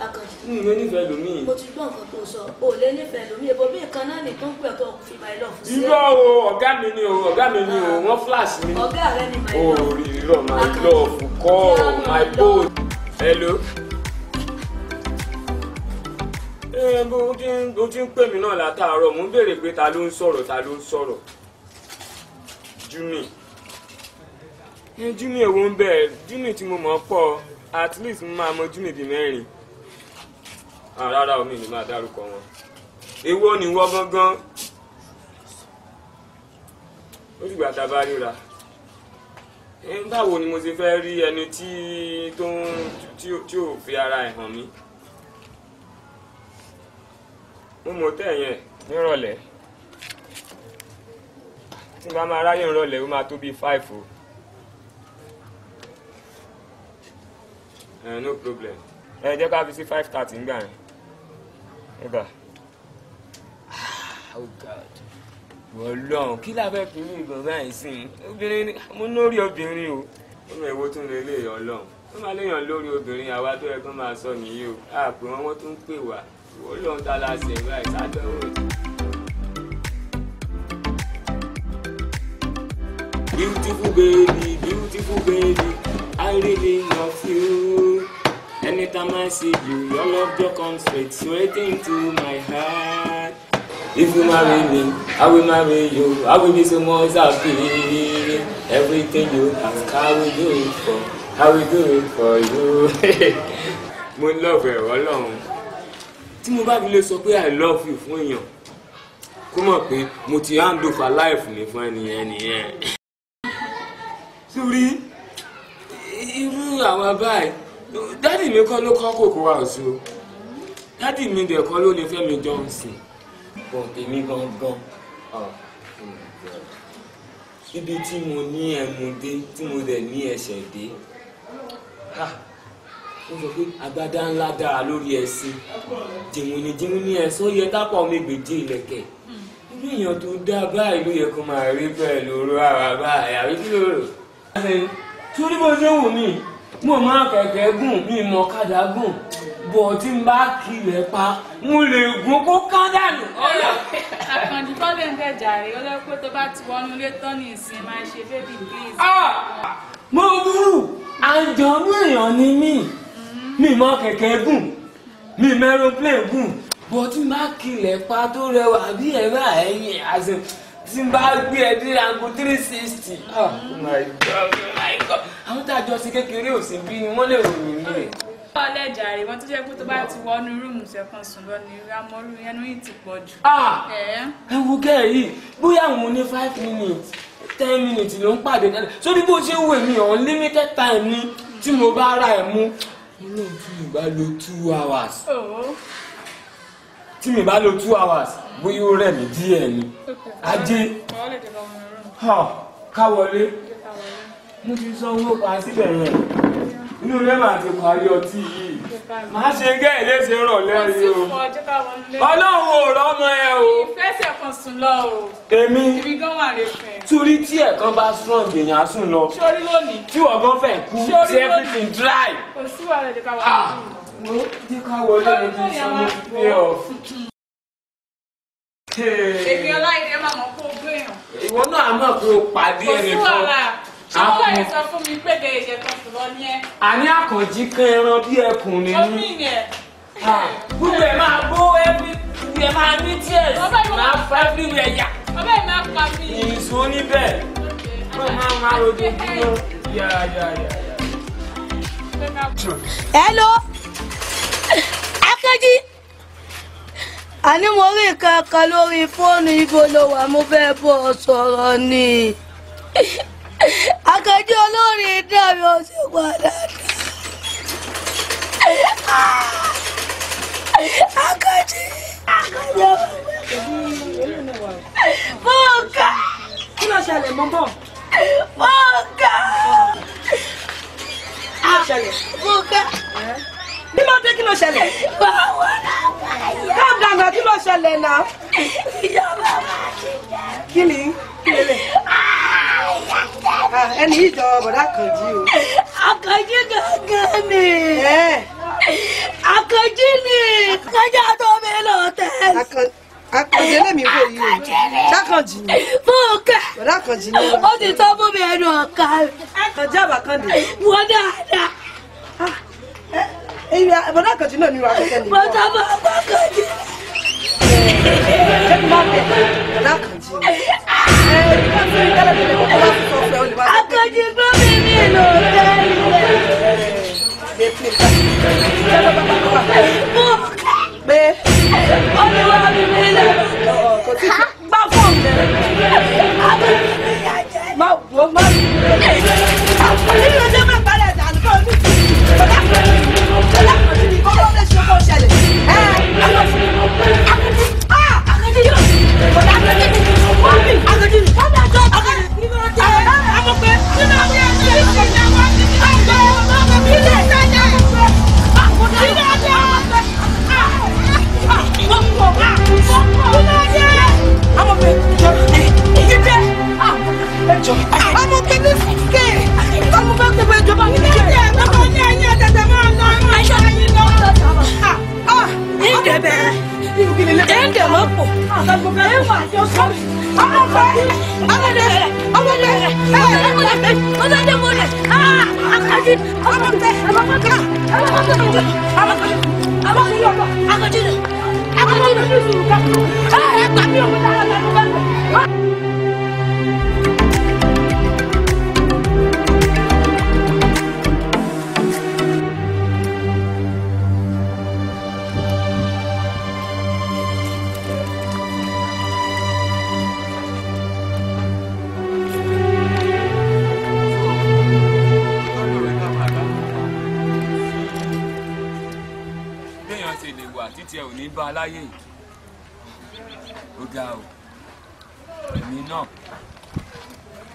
akànjì mi ò nífẹ̀ẹ́ ẹlòmíì. mo ti gbọ́ nǹkan tó sọ o ò lè nífẹ̀ẹ́ ẹlòmíì èbó bí nǹkan náà nìkan pẹ̀ tó fi my love sí. irọ́ o ọ̀gá mi ni o ọ̀gá mi ni o ah. wọ́n flash mi. ọ̀gá rẹ ni my love. o rí irọ́ my love call my phone. hello. ẹ bó o ti ń pè mí náà látàárọ̀ mo ń béèrè pé ta ló ń sọ̀rọ̀ ta ló ń sọ̀rọ̀ Júmi ní júnì èwo ń bẹ̀ júnì tí mo mọ̀ pọ̀ at least mo máa mọ júnì di mẹ́rin ah, rárá omi ni máa dárúkọ wọn èwo ni wọ́ gángan ó sì gbà tá a bá ríra báwo ni mo ṣe fẹ́ rí ẹni tí tó ń tí ò fi ara ẹ̀ hàn mí mo mọ̀ tẹ́ yẹn nírọ̀lẹ́ tí n bá máa ráyè nírọ̀lẹ́ ó máa tó bíi five o. ẹ eh, no problem ẹ eh, jẹ́ ká fi sí five thirty ń gbà yẹn ẹ gbà ah, oh god wọlọ́n kí la fẹ́ fi ìgbọ̀n báyìí sí i obìnrin mo lórí obìnrin o. ó mọ tún lè lè yàn lọ́n ó máa léèyàn lórí obìnrin àwa tó yẹ kó máa sọ nìyí o àpè wọn wọn tún pè wá wọlọ́n ta la ṣe báyìí sádọ́wọ́ ti. beautiful baby beautiful baby i really love you anytime I see you, your love just comes straight, straight into my heart. If you marry me, I will marry you. I will be so much happy. Everything you ask, I will do it for. I will do it for you. Mo love ẹ̀rọ Ọlọ́run. Tí mo bá fi lè sọ pé I love you fún èèyàn, kó mọ̀ pé mo ti hand over life ní fún ẹnìyẹn nìyẹn. Sórí irú àwọn báyìí dádì mi kọ́ ló kọ́ kòkó wa ọ̀ṣù dádì mi dẹ̀ kọ́ ló ní Fẹ́mi Johnson. kò tèmi gangan ah, oh ibi tí mo ní ẹmu dé tí mo dẹ̀ ní ẹsẹ̀ dé ó ah, sọ pé agbádá ńlá dára lórí ẹsìn jìnwìn ní jìnwìn ní ẹsọ yẹ tápà ọmọ ìgbèjì ìlẹ̀kẹ̀ irú èèyàn tó dá báyìí ló yẹ kó máa rí bẹ́ẹ̀ lóró ara báyìí àbí kí ló rò. torí bó ṣe ń wù mí mo máa kẹ̀kẹ́ gùn mi mọ̀ kádà gùn bọ̀ tí n bá kilẹ̀ pa mo lè gùn kó kán dànù. àkàndí bọ́lẹ̀ ń gẹ̀jà rẹ̀ ó lẹ́kọ́ tó bá ti wọnú ilé tán ní ìsìn máa ṣe bébì bíi. Ah! mo burú àjọ̀nú èèyàn ni mí mi mọ̀ kẹ̀kẹ́ gùn mi mẹ́rọ plẹ̀ gùn bọ̀ tí n bá kilẹ̀ pa tó rẹwà bí ẹ̀rọ ẹ̀yìn àṣẹ tí n bá gbé ẹ dé rango three sixty. Ah, oh oh àwọn tá a jọ sí kékeré ò sí bí wọ́n lè ròyìn mi. wọ́n lẹ̀ jàre wọ́n tó jẹ́ pé tó bá ti wọnú rúùmù sẹ́kàn sùn lọ ní ramọ́rú ẹnu yìí ti pọ̀ jù. Ah! ẹ wo kẹ́rì bóyá òun ní five minutes ten minutes ló ń pàdé náà sórí bó ṣe wù mí unlimited time ni tí mo bá ra ẹ̀ mú inú ìgbà lo two hours. Oh tí mi bá lo two hours bóyá ó rẹ̀ mí díẹ̀ ni ajé káwọlé mo ti sọ owó pa síbẹ̀ yẹn inú rẹ̀ máa ti parí ọtí yìí má ṣe gẹ́ ẹ̀ léṣe rọ̀lẹ́ rí o ọlọ́run ò rọ́mọ ẹ o. ìfẹsẹ̀ kan sùn lọ o. èmi torí tí ẹ̀kan bá strong èèyàn á sùn lọ. sórí lónìí. tí ọ̀gán fẹ́ kú sí everything dry. kò sí wàhálà ìdíkà wà lónìí wo jẹ́ ká máa kó pàdé ẹnì kan. ṣé wọ́n lè sọ fún mi pé de ìṣe kan sì lọ ní ẹ. àní àkànjí kan ẹran bí ẹkùn ni. omi ni ẹ. gbogbo ẹ máa gbó ẹbí ẹ máa ní tears máa fa everywhere yà. ọbẹ̀ mi máa pa mí. ìṣó níbẹ̀ pé máa máa rojo dúró yàyàyà. hello. Akéjì àní mo rí nǹkan kan lórí fóònù ibo ló wà mo fẹ́ bọ́ ọ sọ̀rọ̀ ni Akéjì olórí iná mi ò sì padà dá Akéjì Fúnkà kí ló ṣẹlẹ̀ mọ́ bọ̀ Fúnkà Fúnkà bí ló dé kí ló ṣẹlẹ̀. báwo la bá yà. calm down na kí ló ṣẹlẹ̀ na. ìjọba máa ti jẹ. kí ni kí lè lè. ẹni ìjọ bọ̀dá Àkànjí o. Àkànjí gángan ni. Àkànjí ni kọjá tó mi lọ tẹ̀. Àkànjí lèmi wò yìí o sákànjì ni Fúnkẹ́ bọ̀dá Àkànjí ni. ó ti tọ́ fún mi ẹnu ọ̀ka. Àkànjí àbàkàndé. wọ́n dáadáa èyí bọ̀dá kejì náà ni wà á kẹ́ni. bọ̀dá bọ̀dá kejì. ṣé kí n máa bẹ̀ bọ̀dá kejì. akejì gómìnà mi ló tẹ́lẹ̀. pé olúwa mi mi lè gbá fóònù rẹ̀. má wọ́n má. àpòlí ló ọmọ pẹ̀lú sìkẹ́ ọmọ pẹ̀lú ìjọba nílẹ̀. dẹ̀ bá a láyè o èmi náà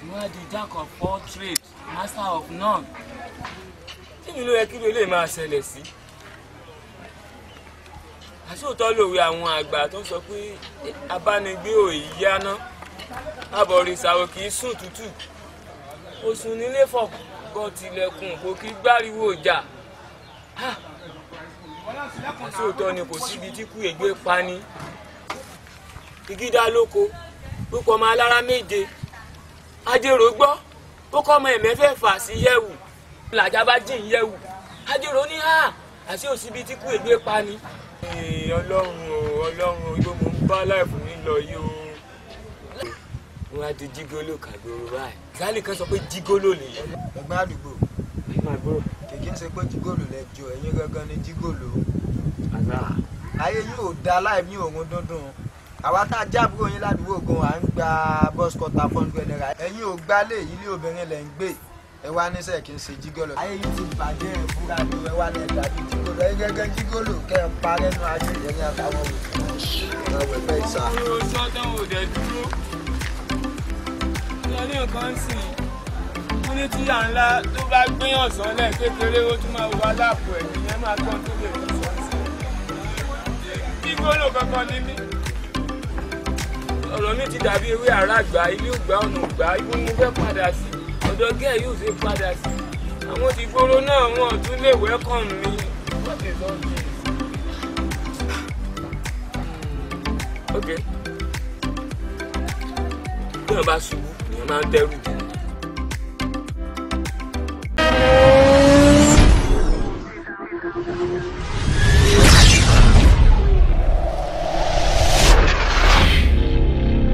wọ́n di jack of all trades master of none kí ni ló yẹ kí ló lè máa ṣẹlẹ̀ sí àsòótọ́ lòwe àwọn àgbà tó sọ pé abánigbé ò yáná abọ̀rìṣà ò kì í sùn tútù oṣù nílé fọ̀gbọ́ tilẹ̀kùn kò kí gbáriwo ìjà. Ah! sóòótọ́ ni kò síbi tí kú ègbé pa ni ìgídá lóko púpọ̀ ọmọ alára méje ajérò gbọ́ ó kọ́ ọmọ ẹ̀mẹ́fẹ́ fà sí yẹ̀wù làjà bá jìn yẹ̀wù ajérò ní hà àti òsíbi tí kú ègbé pa ni. ọlọ́run o ọlọ́run o yóò mú bá láìpù mi lọ yìí o. wọn á di jígolo kàgbóró báyìí. ìyáálì kan sọ pé jígolo lè yẹ. ẹgbẹ́ àdúgbò. ẹ máa kì í ṣe pé jígòlò lẹ́jọ́ ẹ̀yin gangan ni jígòlò. ayé yìí da láì ní òun dúndùn àwa tá a jábúrò yín ládùúgbò gan à ń gba bọ́s kọta fọ́ńdù ẹ̀nẹ́ra ẹ̀yin ò gbálẹ̀ yìí ilé obìnrin lẹ̀ ń gbé ẹ wá ní sẹ́ẹ̀ kì í ṣe jígòlò. ayé yìí ti bàjẹ́ ìfúra ni ẹ wá ní ẹ̀dá bíi jígòlò ẹ̀yin gangan jígòlò kẹ́ ẹ parẹ́ nú ayé ẹ̀yin àtàwọn òṣèlú ọ̀rọ̀ ní tíyà ńlá tó bá gbéyàn sánlẹ̀ kékeré ó tún máa wà lápò ẹ̀ ìyẹn máa tán tó lè fi sọ sí i. bí kankan ní mí. ọ̀rọ̀ mi ti dàbí ewé àràgbà ilé ògbà ọ̀nà ògbà ibi mo fẹ́ padà sí ọ̀dọ̀ gẹ́ẹ̀ yóò ṣe padà sí. àwọn ti gbóró náà wọn tún lè wẹ́kọ̀m mi. ok bí wọn bá ṣubú ni wọn máa ń dẹrù jù. Thank you.